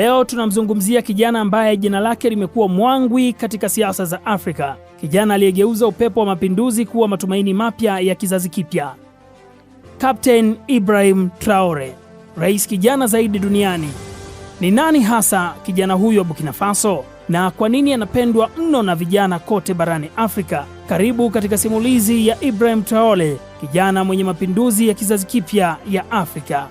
Leo tunamzungumzia kijana ambaye jina lake limekuwa mwangwi katika siasa za Afrika, kijana aliyegeuza upepo wa mapinduzi kuwa matumaini mapya ya kizazi kipya, Captain Ibrahim Traore, rais kijana zaidi duniani. Ni nani hasa kijana huyo wa Burkina Faso na kwa nini anapendwa mno na vijana kote barani Afrika? Karibu katika simulizi ya Ibrahim Traore, kijana mwenye mapinduzi ya kizazi kipya ya Afrika.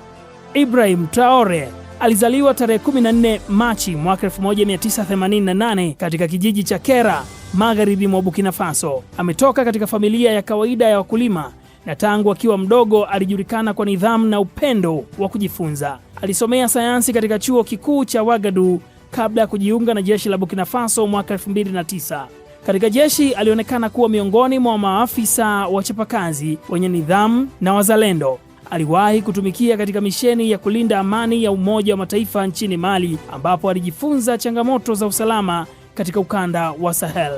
Ibrahim Traore Alizaliwa tarehe 14 Machi mwaka 1988 katika kijiji cha Kera, magharibi mwa Burkina Faso. Ametoka katika familia ya kawaida ya wakulima na tangu akiwa mdogo alijulikana kwa nidhamu na upendo wa kujifunza. Alisomea sayansi katika chuo kikuu cha Wagadu kabla ya kujiunga na jeshi la Burkina Faso mwaka 2009. Katika jeshi alionekana kuwa miongoni mwa maafisa wachapakazi wenye nidhamu na wazalendo aliwahi kutumikia katika misheni ya kulinda amani ya Umoja wa Mataifa nchini Mali, ambapo alijifunza changamoto za usalama katika ukanda wa Sahel.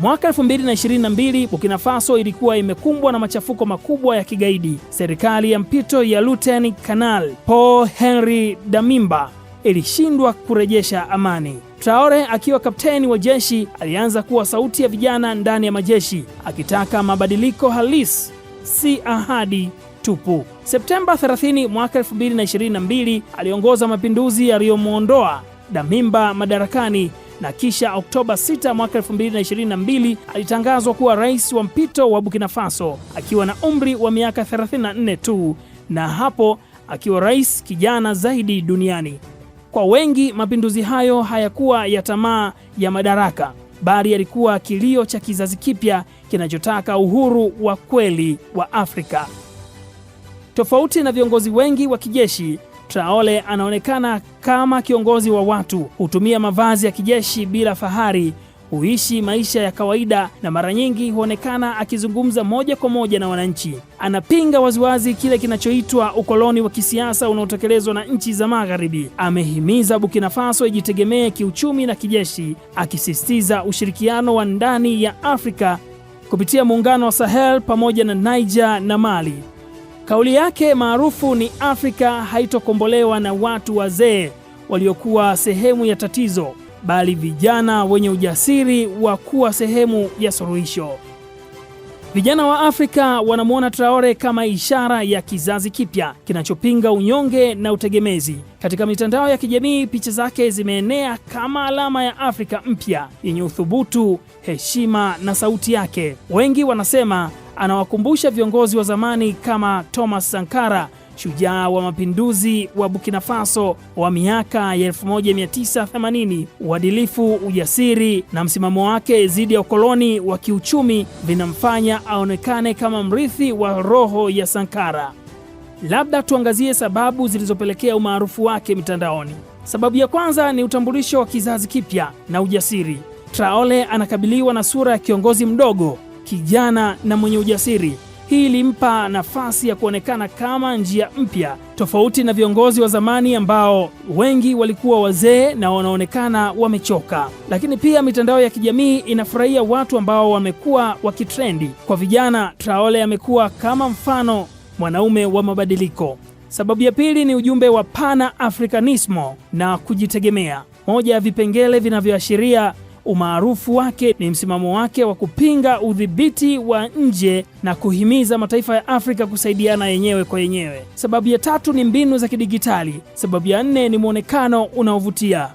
Mwaka 2022 Burkina Faso ilikuwa imekumbwa na machafuko makubwa ya kigaidi. Serikali ya mpito ya Luteni kanal Paul Henri Damimba ilishindwa kurejesha amani. Traore akiwa kapteni wa jeshi alianza kuwa sauti ya vijana ndani ya majeshi, akitaka mabadiliko halisi, si ahadi tupu. Septemba 30 mwaka 2022 aliongoza mapinduzi yaliyomwondoa Damimba madarakani na kisha Oktoba 6 mwaka 2022 alitangazwa kuwa rais wa mpito wa Burkina Faso akiwa na umri wa miaka 34 tu, na hapo akiwa rais kijana zaidi duniani. Kwa wengi, mapinduzi hayo hayakuwa ya tamaa ya madaraka, bali yalikuwa kilio cha kizazi kipya kinachotaka uhuru wa kweli wa Afrika. Tofauti na viongozi wengi wa kijeshi, Traore anaonekana kama kiongozi wa watu, hutumia mavazi ya kijeshi bila fahari, huishi maisha ya kawaida na mara nyingi huonekana akizungumza moja kwa moja na wananchi. Anapinga waziwazi kile kinachoitwa ukoloni wa kisiasa unaotekelezwa na nchi za Magharibi. Amehimiza Burkina Faso ijitegemee kiuchumi na kijeshi, akisisitiza ushirikiano wa ndani ya Afrika kupitia muungano wa Sahel pamoja na Niger na Mali. Kauli yake maarufu ni Afrika haitokombolewa na watu wazee waliokuwa sehemu ya tatizo, bali vijana wenye ujasiri wa kuwa sehemu ya suluhisho. Vijana wa Afrika wanamwona Traore kama ishara ya kizazi kipya kinachopinga unyonge na utegemezi. Katika mitandao ya kijamii, picha zake zimeenea kama alama ya Afrika mpya yenye uthubutu, heshima na sauti yake. Wengi wanasema anawakumbusha viongozi wa zamani kama Thomas Sankara, shujaa wa mapinduzi wa Burkina Faso wa miaka ya 1980, uadilifu, ujasiri na msimamo wake dhidi ya ukoloni wa kiuchumi vinamfanya aonekane kama mrithi wa roho ya Sankara. Labda tuangazie sababu zilizopelekea umaarufu wake mitandaoni. Sababu ya kwanza ni utambulisho wa kizazi kipya na ujasiri. Traore anakabiliwa na sura ya kiongozi mdogo kijana na mwenye ujasiri. Hii ilimpa nafasi ya kuonekana kama njia mpya, tofauti na viongozi wa zamani ambao wengi walikuwa wazee na wanaonekana wamechoka. Lakini pia mitandao ya kijamii inafurahia watu ambao wamekuwa wakitrendi. Kwa vijana, Traore amekuwa kama mfano mwanaume wa mabadiliko. Sababu ya pili ni ujumbe wa Pana Africanismo na kujitegemea. Moja ya vipengele vinavyoashiria Umaarufu wake ni msimamo wake wa kupinga udhibiti wa nje na kuhimiza mataifa ya Afrika kusaidiana yenyewe kwa yenyewe. Sababu ya tatu ni mbinu za kidigitali. Sababu ya nne ni mwonekano unaovutia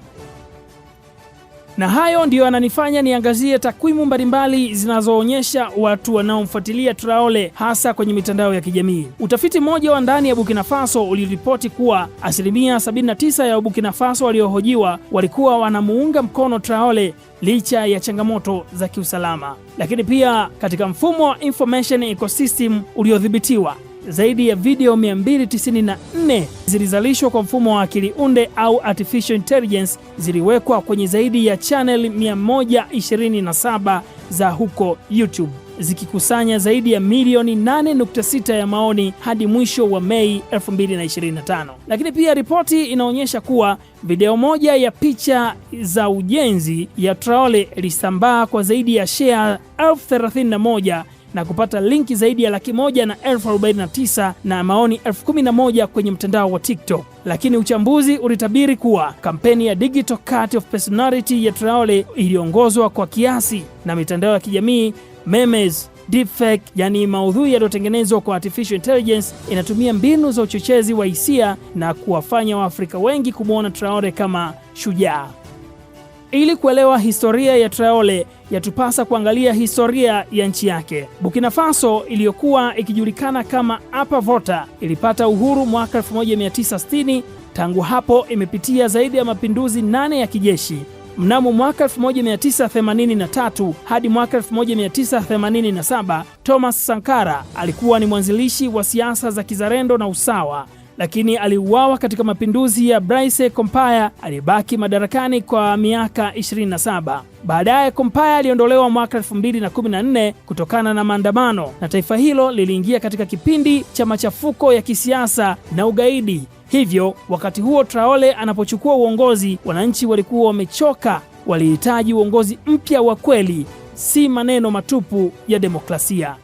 na hayo ndiyo yananifanya niangazie takwimu mbalimbali zinazoonyesha watu wanaomfuatilia Traore hasa kwenye mitandao ya kijamii. Utafiti mmoja wa ndani ya Burkina Faso uliripoti kuwa asilimia 79 ya Burkina Faso waliohojiwa walikuwa wanamuunga mkono Traore licha ya changamoto za kiusalama, lakini pia katika mfumo wa information ecosystem uliodhibitiwa zaidi ya video 294 zilizalishwa kwa mfumo wa akili unde au artificial intelligence ziliwekwa kwenye zaidi ya channel 127 za huko YouTube zikikusanya zaidi ya milioni 8.6 ya maoni hadi mwisho wa Mei 2025. Lakini pia ripoti inaonyesha kuwa video moja ya picha za ujenzi ya Traore ilisambaa kwa zaidi ya share 31 na kupata linki zaidi ya laki moja na elfu arobaini na tisa na maoni elfu kumi na moja kwenye mtandao wa TikTok. Lakini uchambuzi ulitabiri kuwa kampeni ya Digital Cult of Personality ya Traore iliongozwa kwa kiasi na mitandao ya kijamii, memes, deepfake, yani maudhui yaliyotengenezwa kwa artificial intelligence, inatumia mbinu za uchochezi wa hisia na kuwafanya Waafrika wengi kumwona Traore kama shujaa. Ili kuelewa historia ya Traore, yatupasa kuangalia historia ya nchi yake. Burkina Faso iliyokuwa ikijulikana kama Apa Vota ilipata uhuru mwaka 1960. Tangu hapo imepitia zaidi ya mapinduzi nane ya kijeshi. Mnamo mwaka 1983 hadi mwaka 1987, Thomas Sankara alikuwa ni mwanzilishi wa siasa za kizalendo na usawa lakini aliuawa katika mapinduzi ya Blaise Compaore aliyebaki madarakani kwa miaka 27. Baadaye Compaore aliondolewa mwaka 2014 kutokana na maandamano, na taifa hilo liliingia katika kipindi cha machafuko ya kisiasa na ugaidi. Hivyo wakati huo Traore anapochukua uongozi, wananchi walikuwa wamechoka, walihitaji uongozi mpya wa kweli, si maneno matupu ya demokrasia.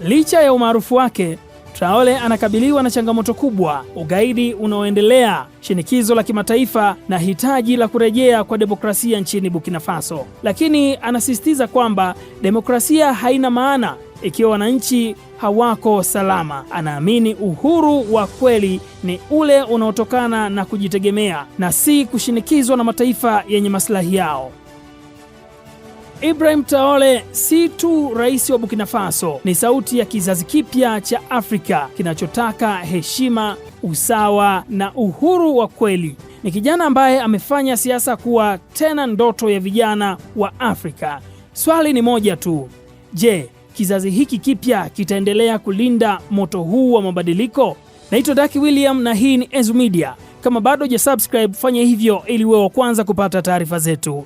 Licha ya umaarufu wake Traore anakabiliwa na changamoto kubwa: ugaidi unaoendelea, shinikizo la kimataifa na hitaji la kurejea kwa demokrasia nchini Burkina Faso. Lakini anasisitiza kwamba demokrasia haina maana ikiwa wananchi hawako salama. Anaamini uhuru wa kweli ni ule unaotokana na kujitegemea na si kushinikizwa na mataifa yenye maslahi yao. Ibrahim Traore si tu rais wa Burkina Faso, ni sauti ya kizazi kipya cha Afrika kinachotaka heshima, usawa na uhuru wa kweli. Ni kijana ambaye amefanya siasa kuwa tena ndoto ya vijana wa Afrika. Swali ni moja tu. Je, kizazi hiki kipya kitaendelea kulinda moto huu wa mabadiliko? Naitwa Daki William na hii ni Enzu Media. Kama bado hujasubscribe, fanya hivyo ili uwe wa kwanza kupata taarifa zetu.